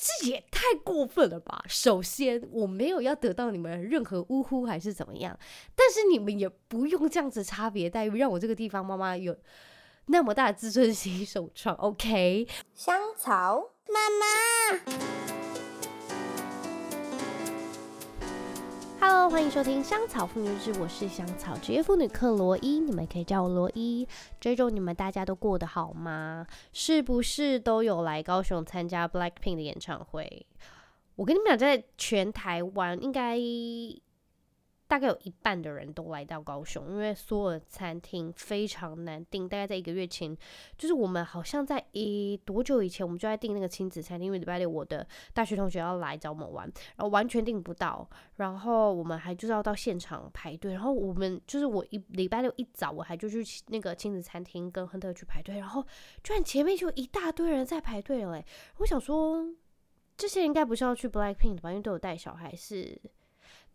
這也太過分了吧！首先，我沒有要得到你們任何嗚呼還是怎麼樣，但是你們也不用這樣子差別待遇，讓我這個地方媽媽有那麼大的自尊心受創。OK，香草媽媽。歡迎收聽《香草婦女誌》，是我是香草職業婦女克羅伊，你們可以叫我羅伊。這週你們大家都過得好嗎？是不是都有來高雄參加 BLACKPINK 的演唱會？我跟你們講，在全台灣應該。大概有一半的人都來到高雄，因為所有餐廳非常難訂。大概在一個月前，就是我們好像在一多久以前，我們就在訂那個親子餐廳，因為禮拜六我的大學同學要來找我們玩，然後完全訂不到，然後我們還就是要到現場排隊。然後我們就是我一禮拜六一早我還就去那個親子餐廳跟亨特去排隊，然後居然前面就一大堆人在排隊了，誒，我想說這些人應該不是要去 BLACKPINK 吧，因為都有帶小孩是。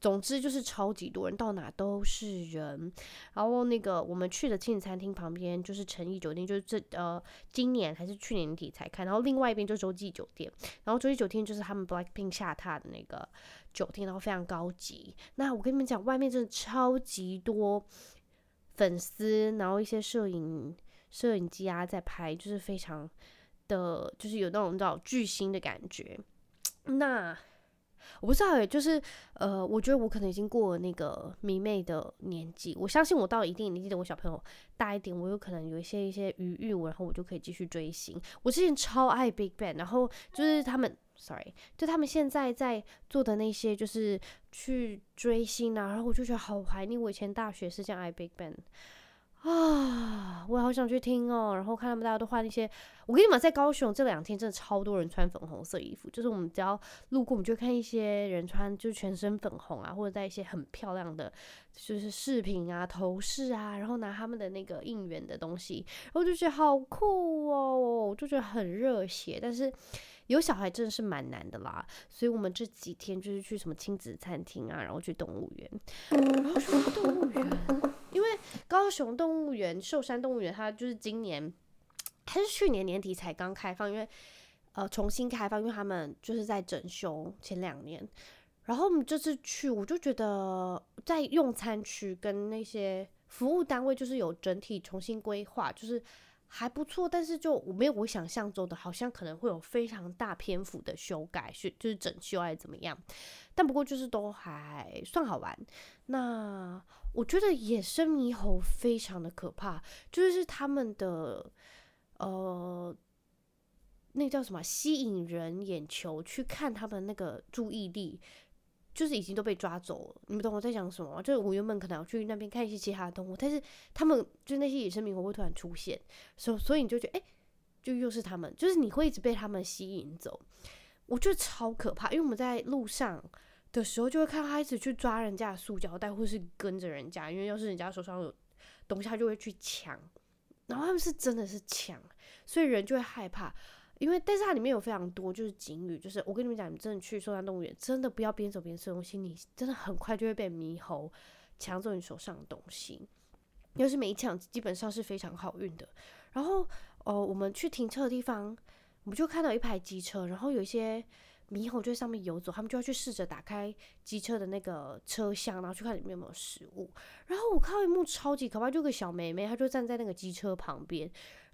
總之就是超級多人，到哪都是人。然後那個我們去的親子餐廳旁邊就是誠意酒店，就是這呃今年還是去年底才開。然後另外一邊就是洲際酒店，然後洲際酒店就是他們 Blackpink 下榻的那個酒店，然後非常高級。那我跟你們講，外面真的超級多粉絲，然後一些攝影攝影機啊在拍，就是非常的，就是有那種那種巨星的感覺。那。我不知道哎，就是呃，我覺得我可能已經過了那個迷妹的年紀。我相信我到了一定，年紀的，我小朋友大一點，我有可能有一些一些餘裕，然後我就可以繼續追星。我之前超愛 Big Bang，然後就是他們，sorry，就他們現在在做的那些，就是去追星啊，然後我就覺得好懷念我以前大學是這樣愛 Big Bang。啊，我也好想去聽哦，然後看他們大家都換那些。我跟你們在高雄這兩天真的超多人穿粉紅色衣服，就是我們只要路過，我們就看一些人穿，就是全身粉紅啊，或者帶一些很漂亮的，就是飾品啊、頭飾啊，然後拿他們的那個應援的東西，然後我就覺得好酷哦，我就覺得很熱血，但是。有小孩真的是蠻難的啦，所以我們這幾天就是去什麼親子餐廳啊，然後去動物園，然後什麼動物園，因為高雄動物園、壽山動物園，它就是今年，它是去年年底才剛開放，因為呃重新開放，因為他們就是在整修前兩年，然後我們這次去，我就覺得在用餐區跟那些服務單位就是有整體重新規劃，就是。還不錯，但是就我沒有我想象中的，好像可能會有非常大篇幅的修改，是就是整修還是怎麼樣？但不過就是都還算好玩。那我覺得野生獼猴非常的可怕，就是他們的呃，那叫什麼吸引人眼球去看他們那個注意力。就是已經都被抓走了，你們懂我在講什麼？就是我原本可能要去那邊看一些其他的動物，但是他們就那些野生獼猴會突然出現，所所以你就覺得哎、欸，就又是他們，就是你會一直被他們吸引走，我覺得超可怕。因為我們在路上的時候，就會看到他一直去抓人家的塑膠袋，或是跟着人家，因為要是人家手上有東西，他就會去搶，然後他們是真的是搶，所以人就會害怕。因為，但是它裡面有非常多，就是警語。就是我跟你們講，你們真的去壽山動物園，真的不要邊走邊吃東西，你真的很快就會被獼猴搶走你手上的東西。要是沒搶，基本上是非常好運的。然後，哦、呃，我們去停車的地方，我們就看到一排機車，然後有一些獼猴就在上面遊走，他們就要去試着打開機車的那個車廂，然後去看裡面有沒有食物。然後我看到一幕超級可怕，就個小妹妹，她就站在那個機車旁邊，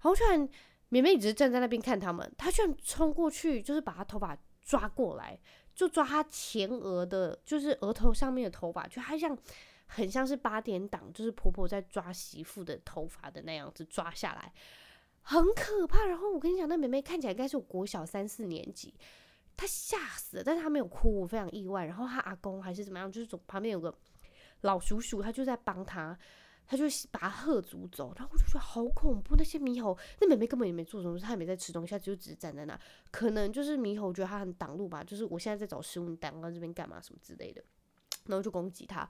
然後突然。妹妹一直站在那邊看他們，她居然衝過去，就是把她頭髮抓過來，就抓她前額的，就是額頭上面的頭髮，就還像很像是八點檔，就是婆婆在抓媳婦的頭髮的那樣子抓下來，很可怕。然後我跟你講，那妹妹看起來應該是我國小三四年級，她嚇死了，但是她沒有哭，我非常意外。然後她阿公還是怎麼樣，就是旁邊有個老叔叔，他就在幫她。他就把他喝足走，然後我就覺得好恐怖。那些獼猴，那妹妹根本也沒做什麼事，她也沒在吃東西，她就只是站在那。可能就是獼猴覺得它很擋路吧，就是我現在在找食物，你擋到這邊幹嘛什麼之類的，然後就攻擊它。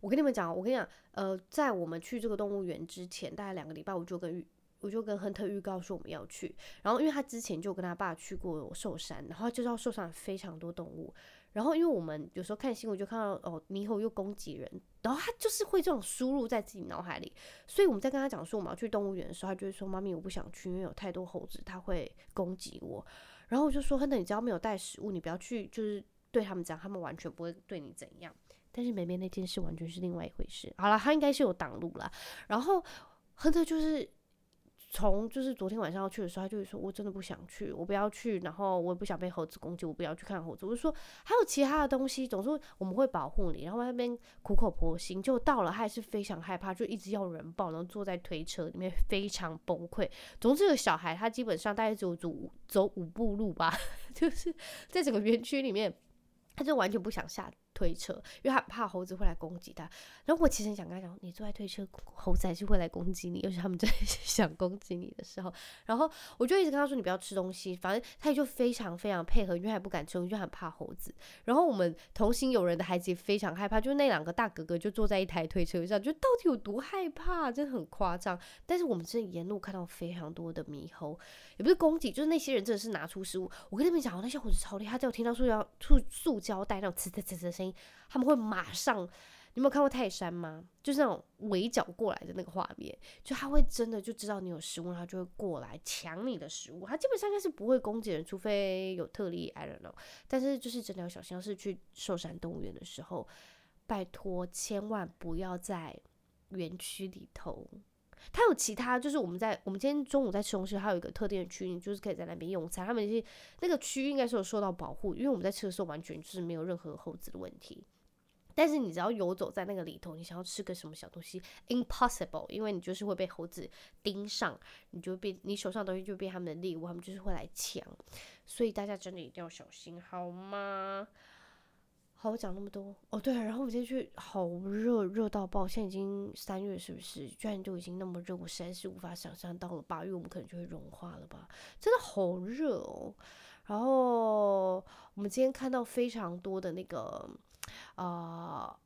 我跟你們講，我跟你講，呃，在我們去這個動物園之前，大概兩個禮拜我，我就跟預，我就跟亨特預告說我們要去。然後因為他之前就跟他爸去過壽山，然後他就知道壽山非常多動物。然後，因為我們有時候看新聞，就看到哦，獼猴又攻擊人，然後他就是會這種輸入在自己腦海裡。所以我們在跟他講說我們要去動物園的時候，他就會說：“媽咪，我不想去，因為有太多猴子，它會攻擊我。”然後我就說：“亨特，你只要沒有帶食物，你不要去，就是對他們講，他們完全不會對你怎樣。”但是妹妹那件事完全是另外一回事。好啦，他應該是有擋路啦。然後亨特就是。從就是昨天晚上要去的時候，他就會說：“我真的不想去，我不要去，然後我也不想被猴子攻擊，我不要去看猴子。”我就說：“還有其他的東西，總是我們會保護你。”然後那邊苦口婆心，就到了，他還是非常害怕，就一直要人抱，然後坐在推車裡面，非常崩潰。總之，有小孩他基本上大概就走走五步路吧，就是在整個園區裡面，他就完全不想下。推車，因為他怕猴子會來攻擊他。然後我其實很想跟他講，你坐在推車，猴子還是會來攻擊你，尤其他們真的是想攻擊你的時候。然後我就一直跟他說，你不要吃東西，反正他也就非常非常配合，因為他也不敢吃東西，因就很怕猴子。然後我們同行友人的孩子也非常害怕，就那兩個大哥哥就坐在一台推車上，就到底有多害怕啊，真的很誇張。但是我們真的沿路看到非常多的獼猴，也不是攻擊，就是那些人真的是拿出食物。我跟他們講，哦，那些猴子超厲害，他只要聽到塑膠、塑塑膠袋那種呲呲呲的聲音。他們會馬上，你有沒有看過泰山嗎？就是那種圍剿過來的那個畫面，就他會真的就知道你有食物，然後就會過來搶你的食物。他基本上應該是不會攻擊人，除非有特例。I don't know。但是就是真的要小心。要是去壽山動物園的時候，拜托千萬不要在園區裡頭。它有其他，就是我們在我們今天中午在吃東西，它有一個特定的區域，就是可以在那邊用餐。他們那、就、些、是、那個區域應該是有受到保護，因為我們在吃的時候完全就是沒有任何猴子的問題。但是你只要游走在那個裡頭，你想要吃個什麼小東西，impossible，因為你就是會被猴子盯上，你就被你手上的東西就變他們的獵物，他們就是會來搶。所以大家真的一定要小心，好嗎？好我講那麼多哦，對、啊，然後我們今天去，好熱，熱到爆！現在已經三月，是不是？居然就已經那麼熱，我實在是無法想象到了八月我們可能就會融化了吧？真的好熱哦！然後我們今天看到非常多的那個啊、呃、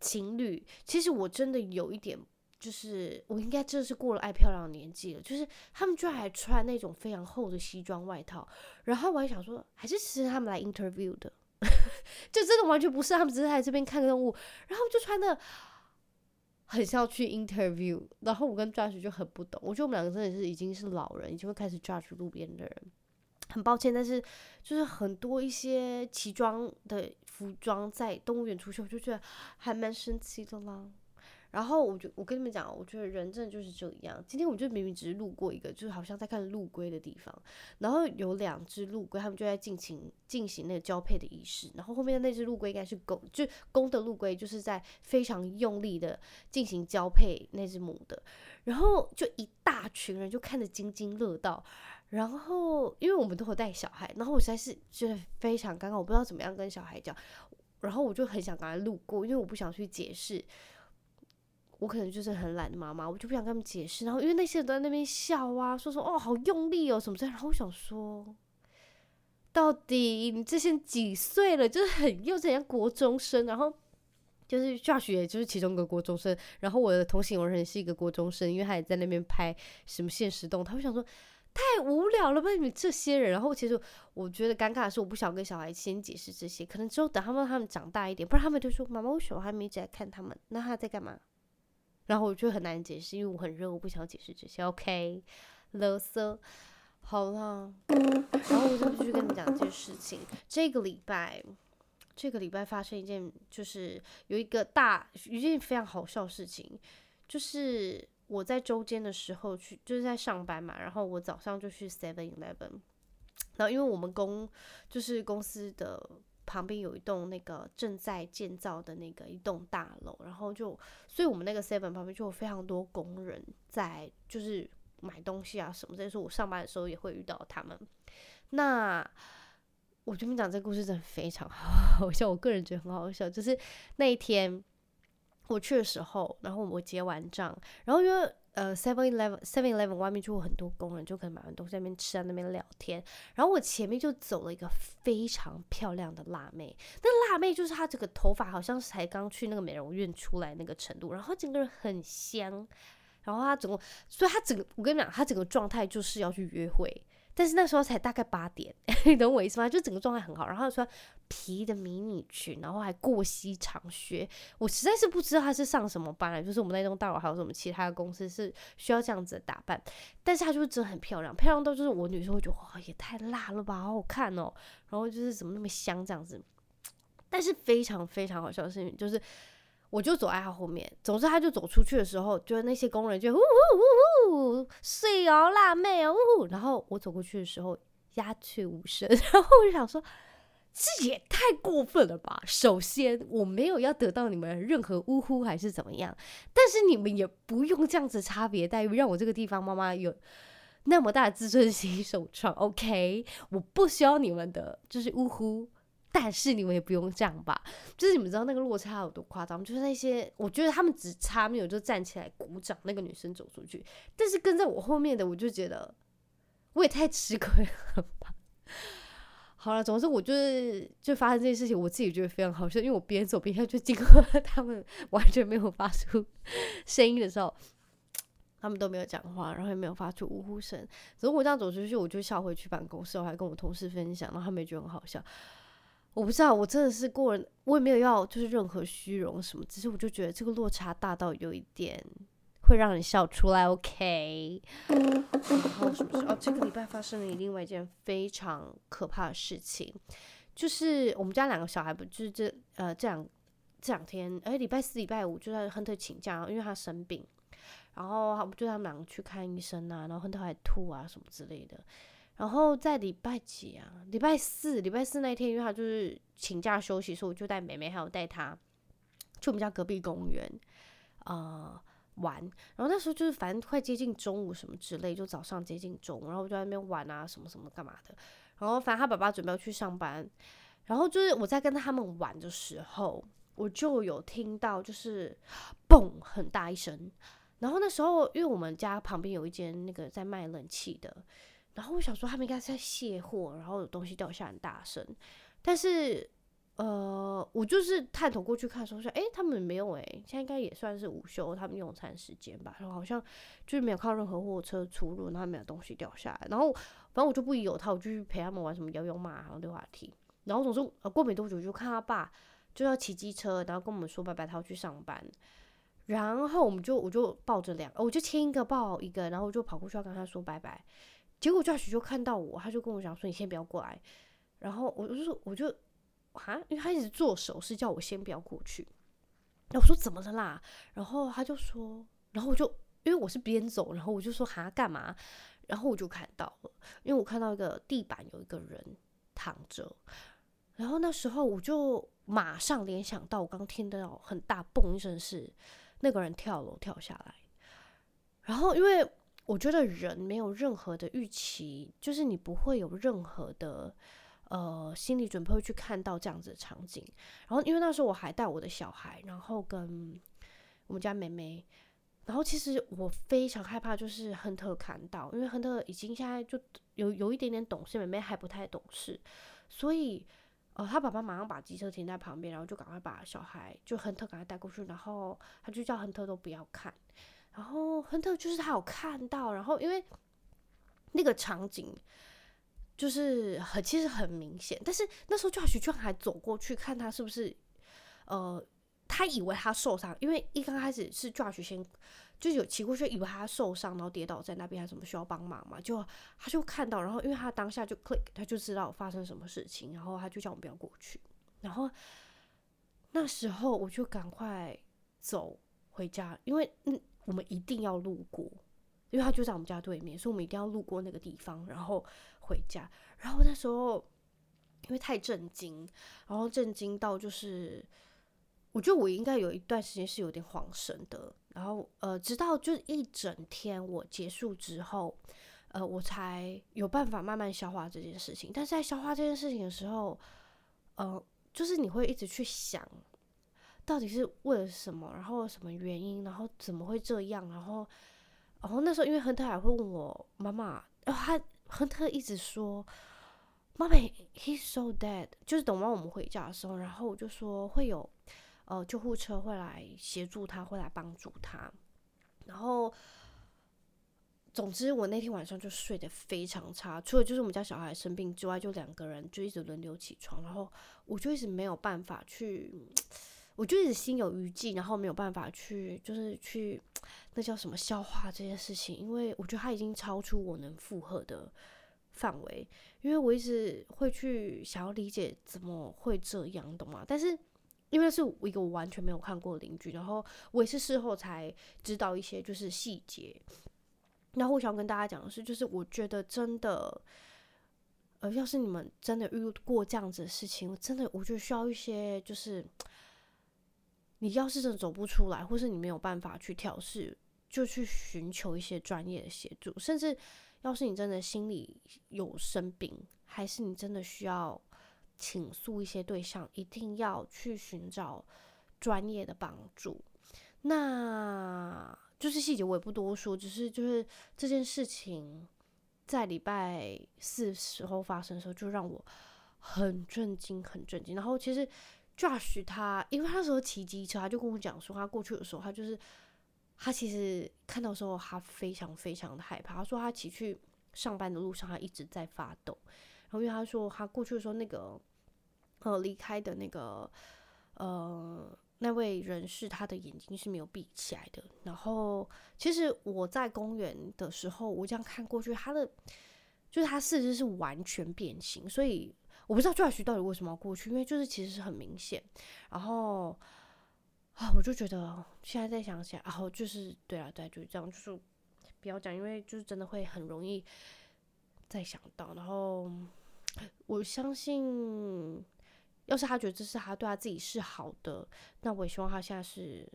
情侶，其實我真的有一點，就是我應該真的是過了愛漂亮的年紀了，就是他們居然還穿那種非常厚的西裝外套，然後我還想說，還是其實他們來 interview 的。 就真的完全不是，他們只是在這邊看個動物，然後就穿的很像去 interview，然後我跟 judge 就很不懂，我覺得我們兩個真的是已經是老人，已經會開始 judge 路邊的人，很抱歉，但是就是很多一些奇裝的服裝在動物園出去，我就覺得還蠻神奇的啦。然後我就我跟你們講，我覺得人真的就是這樣。今天我就明明只是路過一個，就是好像在看陸龜的地方，然後有兩只陸龜，他們就在進行進行那個交配的儀式。然後後面的那只陸龜應該是公，就公的陸龜，就是在非常用力的進行交配那只母的。然後就一大群人就看得津津樂道。然後因為我們都有帶小孩，然後我實在是覺得非常尷尬，我不知道怎麼樣跟小孩講。然後我就很想趕快路過，因為我不想去解釋。我可能就是很懶的媽媽，我就不想跟他們解釋。然後因為那些人都在那邊笑啊，說說哦好用力哦什麼之類。然後我想說，到底你這些幾歲了？就是很幼稚，很像國中生。然後就是 j 學，也就是其中一個國中生。然後我的同行我認識一個國中生，因為他也在那邊拍什麼現實動。他會想說，太無聊了吧？你們這些人。然後其實我覺得尷尬的是，我不想跟小孩先解釋這些，可能之後等他們他們長大一點，不然他們就說媽媽為什麼還沒一直在看他們？那他在幹嘛？然後我就很難解釋，因為我很熱，我不想解釋這些。OK，了瑟，好啦。然後我就必須跟你講一件事情，這個禮拜，這個禮拜發生一件，就是有一個大，一件非常好笑的事情，就是我在周間的時候去，就是在上班嘛。然後我早上就去 Seven Eleven，然後因為我們公就是公司的。旁邊有一棟那個正在建造的那個一棟大樓，然後就，所以我們那個 seven 旁邊就有非常多工人在，就是買東西啊什麼。再說我上班的時候也會遇到他們。那我跟你講這個故事真的非常好笑，我個人覺得很好笑，就是那一天我去的時候，然後我結完賬，然後因為。呃，Seven Eleven，Seven Eleven 外面就有很多工人，就可以買完東西在那邊吃啊，在那邊聊天。然後我前面就走了一個非常漂亮的辣妹，那辣妹就是她這個頭髮好像才剛去那個美容院出來那個程度，然後整個人很香，然後她整個，所以她整個，我跟你講，她整個狀態就是要去約會。但是那時候才大概八點， 你懂我意思嗎？就整個狀態很好。然後穿皮的迷你裙，然後還過膝長靴，我實在是不知道她是上什麼班，就是我們那棟大樓還有什麼其他的公司是需要這樣子的打扮，但是她就是真的很漂亮，漂亮到就是我女生會覺得哇、哦，也太辣了吧，好好看哦。然後就是怎麼那麼香這樣子，但是非常非常好笑的事情就是。我就走在他後面，總之他就走出去的時候，就是那些工人就嗚嗚嗚嗚，睡哦辣妹哦嗚，然後我走過去的時候，鴉雀無聲。然後我就想說，這也太過分了吧？首先，我沒有要得到你們任何嗚呼還是怎麼樣，但是你們也不用這樣子差別待遇，讓我這個地方媽媽有那麼大的自尊心受創。OK，我不需要你們的，就是嗚呼。但是你們也不用這樣吧，就是你們知道那個落差有多誇張，就是那些我覺得他們只差沒有就站起來鼓掌，那個女生走出去，但是跟在我後面的，我就覺得我也太吃虧了吧。好了，總之我就是就發生這件事情，我自己覺得非常好笑，因為我邊走邊笑，就經過他們完全沒有發出聲音的時候，他們都沒有講話，然後也沒有發出嗚呼聲。所以我這樣走出去，我就笑回去辦公室，我還跟我同事分享，然後他們也覺得很好笑。我不知道，我真的是過人，我也沒有要就是任何虛榮什麼，只是我就覺得這個落差大到有一點會讓人笑出來，OK、嗯。然後是不是哦，這個禮拜發生了另外一件非常可怕的事情，就是我們家兩個小孩不就是這呃這兩這兩天哎禮拜四禮拜五就在亨特請假，因為他生病，然後就他們兩個去看醫生啊，然後亨特還吐啊什麼之類的。然後在禮拜幾啊？禮拜四，禮拜四那天，因為他就是請假休息，所以我就帶妹妹還有帶他去我們家隔壁公園啊、呃、玩。然後那時候就是反正快接近中午什麼之類，就早上接近中午，然後就在那邊玩啊什麼什麼幹嘛的。然後反正他爸爸準備要去上班，然後就是我在跟他們玩的時候，我就有聽到就是嘣很大一聲。然後那時候因為我們家旁邊有一間那個在賣冷氣的。然後我想說他們應該是在卸貨，然後有東西掉下來很大聲，但是呃，我就是探頭過去看的時候說，誒，他們沒有誒、欸，現在應該也算是午休，他們用餐時間吧。然後好像就是沒有靠任何貨車出入，然後沒有東西掉下來。然後反正我就不理他，我就去陪他們玩什麼搖搖馬、溜滑梯。然後總是過沒多久，就看他爸就要騎機車，然後跟我們說拜拜，他要去上班。然後我們就我就抱着兩個、哦，我就親一個抱一個，然後我就跑過去要跟他說拜拜。結果 Josh 就看到我，他就跟我講說：“你先不要過來。”然後我就說：“我就啊，因為他一直做手勢，叫我先不要過去。”那我說：“怎麼了啦？”然後他就說：“然後我就因為我是邊走，然後我就說：‘哈，幹嘛？’然後我就看到了，因為我看到一個地板有一個人躺着。然後那時候我就馬上聯想到，我剛聽到很大嘣一聲，是那個人跳樓跳下來。然後因為……我覺得人沒有任何的預期，就是你不會有任何的呃心理準備去看到這樣子的場景。然後，因為那時候我還帶我的小孩，然後跟我們家妹妹，然後其實我非常害怕，就是亨特看到，因為亨特已經現在就有有一點點懂事，妹妹還不太懂事，所以呃，他爸爸馬上把機車停在旁邊，然後就趕快把小孩就亨特趕快帶過去，然後他就叫亨特都不要看。然後亨特就是他有看到，然後因為那個場景就是很其實很明顯，但是那時候 Josh 居然還走過去看他是不是呃，他以為他受傷，因為一剛開始是 Josh 先就有騎過去以為他受傷，然後跌倒在那邊，還什麼需要幫忙嘛，就他就看到，然後因為他當下就 click，他就知道發生什麼事情，然後他就叫我們不要過去，然後那時候我就趕快走回家，因為嗯。我們一定要路過，因為他就在我們家對面，所以我們一定要路過那個地方，然後回家。然後那時候，因為太震驚，然後震驚到就是，我覺得我應該有一段時間是有點恍神的。然後呃，直到就一整天我結束之後，呃，我才有辦法慢慢消化這件事情。但是在消化這件事情的時候，呃，就是你會一直去想。到底是為了什麼？然後什麼原因？然後怎麼會這樣？然後，然後那時候，因為亨特還會問我媽媽，然後，哦，他亨特一直說：“媽媽，he's so dead。”就是等完我們回家的時候，然後我就說會有呃救護車會來協助他，會來幫助他。然後，總之我那天晚上就睡得非常差，除了就是我們家小孩生病之外，就兩個人就一直輪流起床，然後我就一直沒有辦法去。我就一直心有餘悸，然後沒有辦法去，就是去那叫什麼消化這些事情，因為我覺得他已經超出我能負荷的範圍，因為我一直會去想要理解怎麼會這樣，懂嗎？但是因為是一個我完全沒有看過的鄰居，然後我也是事後才知道一些就是細節，然後我想跟大家講的是，就是我覺得真的，呃，要是你們真的遇過這樣子的事情，我真的我就需要一些就是。你要是真的走不出來，或是你沒有辦法去調適，就去尋求一些專業的協助。甚至要是你真的心理有生病，還是你真的需要傾訴一些對象，一定要去尋找專業的幫助。那就是細節我也不多說，只是就是這件事情在禮拜四時候發生的時候，就讓我很震驚，很震驚。然後其實。Josh 他因為那時候騎機車，他就跟我講說，他過去的時候，他就是他其實看到的時候，他非常非常的害怕。他說他騎去上班的路上，他一直在發抖。然後因為他說他過去的時候，那個呃離開的那個呃那位人士，他的眼睛是沒有閉起來的。然後其實我在公園的時候，我這樣看過去，他的就是他四肢是完全變形，所以。我不知道戴旭到底為什麼要過去，因為就是其實是很明顯。然後啊，我就覺得現在再想想，然後就是對啊，對啊，就是這樣就是不要講，因為就是真的會很容易再想到。然後我相信，要是他覺得這是他對他自己是好的，那我也希望他現在是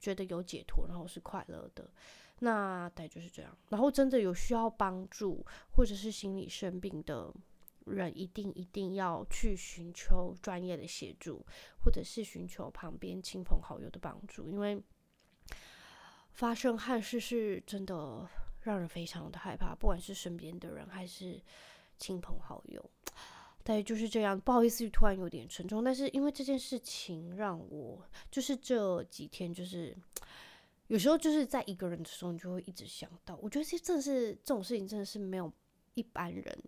覺得有解脫，然後是快樂的。那大概就是這樣。然後真的有需要幫助或者是心理生病的人一定一定要去尋求專業的協助，或者是尋求旁邊親朋好友的幫助，因為發生憾事是真的讓人非常的害怕，不管是身邊的人還是親朋好友。但就是這樣，不好意思，突然有點沉重。但是因為這件事情，讓我就是這幾天就是有時候就是在一個人的時候，你就會一直想到。我覺得這正是這種事情，真的是沒有一般人。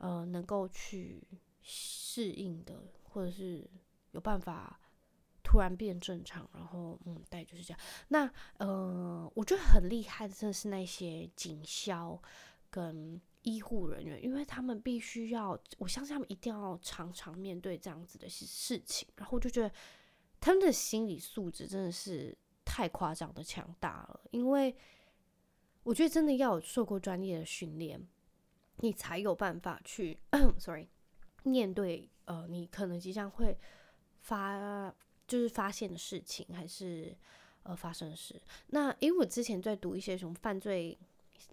呃，能夠去適應的，或者是有辦法突然變正常，然後嗯，大概就是這樣。那呃，我覺得很厲害的，真的是那些警消跟醫護人員，因為他們必須要，我相信他們一定要常常面對這樣子的事事情，然後我就覺得他們的心理素質真的是太誇張的強大了，因為我覺得真的要有受過專業的訓練。你才有辦法去 ，sorry，面對呃，你可能即將會發就是發現的事情，還是呃發生的事。那因為我之前在讀一些什麼犯罪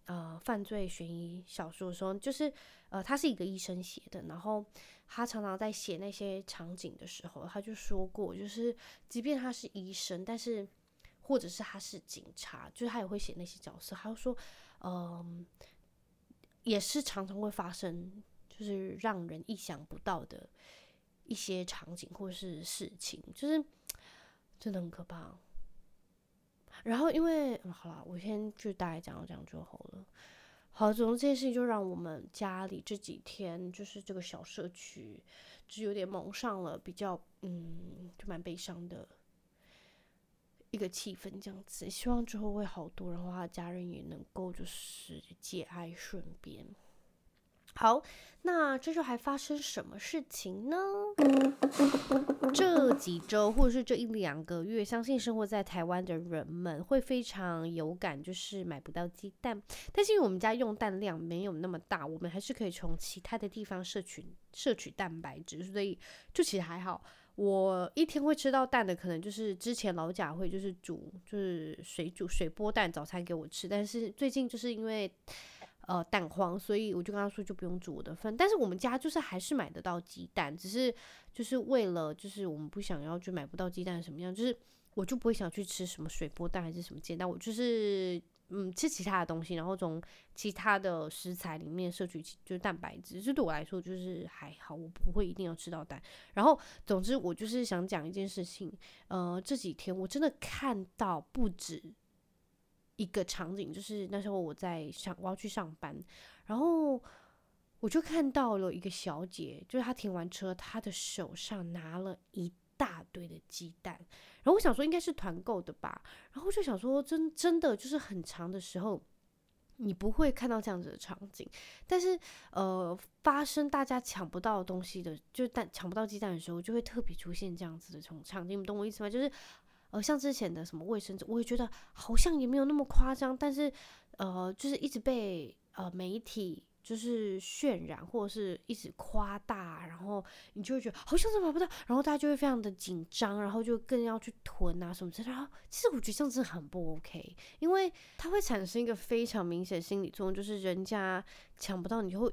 呃犯罪懸疑小說的時候，就是呃他是一個醫生寫的，然後他常常在寫那些場景的時候，他就說過，就是即便他是醫生，但是或者是他是警察，就是他也會寫那些角色。他就說，嗯、呃。也是常常會發生，就是讓人意想不到的一些場景或是事情，就是真的很可怕。然後因為、嗯、好了，我先就大概講到講就好了。好，總之這件事情就讓我們家裡這幾天就是這個小社區就有點蒙上了，比較嗯，就蠻悲傷的。一個氣氛這樣子，希望之後會好多，然後他家人也能夠就是節哀順變。好，那這周還發生什麼事情呢？ 這幾周或者是這一兩個月，相信生活在台灣的人們會非常有感，就是買不到雞蛋。但是因為我們家用蛋量沒有那麼大，我們還是可以從其他的地方攝取攝取蛋白質，所以就其實還好。我一天會吃到蛋的，可能就是之前老賈會就是煮，就是水煮水波蛋早餐給我吃。但是最近就是因為，呃，蛋荒，所以我就跟他說，就不用煮我的飯。但是我們家就是還是買得到雞蛋，只是就是為了就是我們不想要去買不到雞蛋什麼樣，就是我就不會想去吃什麼水波蛋還是什麼煎蛋，我就是。嗯，吃其他的東西，然後從其他的食材裡面攝取，就是蛋白質。這對我來說，就是還好，我不會一定要吃到蛋。然後，總之，我就是想講一件事情。呃，這幾天我真的看到不止一個場景，就是那時候我在上，我要去上班，然後我就看到了一個小姐，就是她停完車，她的手上拿了一。大堆的雞蛋，然後我想說應該是團購的吧，然後就想說真真的就是很長的時候，你不會看到這樣子的場景，但是呃發生大家搶不到東西的，就是但搶不到雞蛋的時候，就會特別出現這樣子的這種場景，你們懂我意思嗎？就是呃像之前的什麼衛生紙，我也覺得好像也沒有那麼誇張，但是呃就是一直被呃媒體就是渲染或者是一直誇大，然後你就會覺得好像怎麼買不到，然後大家就會非常的緊張，然後就更要去囤啊什麼之類的。其實我覺得這樣子很不 OK，因為它會產生一個非常明顯的心理作用，就是人家搶不到你，你會。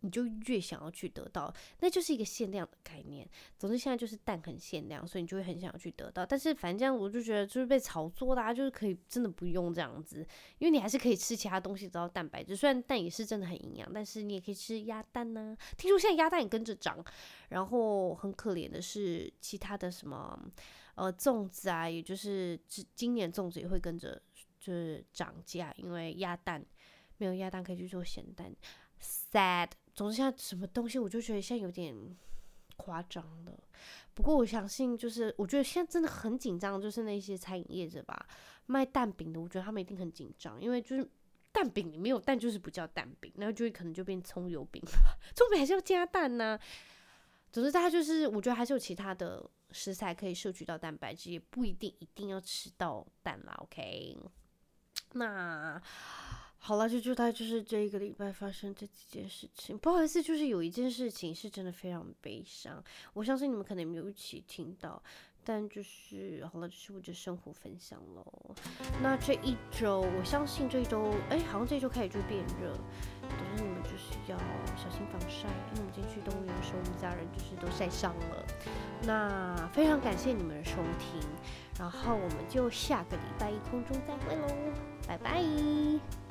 你就越想要去得到，那就是一個限量的概念。總之現在就是蛋很限量，所以你就會很想要去得到。但是反正這樣，我就覺得就是被炒作的啊，就是可以真的不用這樣子，因為你還是可以吃其他東西得到蛋白質。雖然蛋也是真的很營養，但是你也可以吃鴨蛋呢啊。聽說現在鴨蛋也跟着漲，然後很可憐的是其他的什麼呃粽子啊，也就是今年粽子也會跟着就是漲價，因為鴨蛋沒有鴨蛋可以去做鹹蛋，sad。總之，現在什麼東西我就覺得現在有點誇張了。不過我相信，就是我覺得現在真的很緊張，就是那些餐飲業者吧，賣蛋餅的，我覺得他們一定很緊張，因為就是蛋餅裡沒有蛋就是不叫蛋餅，然後就會可能就變蔥油餅了。蔥餅還是要加蛋吶、啊。總之，大家就是我覺得還是有其他的食材可以攝取到蛋白質，也不一定一定要吃到蛋啦。OK，那。好了，就就大家就是這一個禮拜發生這幾件事情。不好意思，就是有一件事情是真的非常悲傷，我相信你們可能也沒有一起聽到，但就是好了，就是我的生活分享嘍。那這一周，我相信這一周，誒、欸，好像這一周開始就變熱，總之你們就是要小心防曬，因為我們今天去動物園的時候，我們家人就是都曬傷了。那非常感謝你們的收聽，然後我們就下個禮拜一空中再會嘍，拜拜。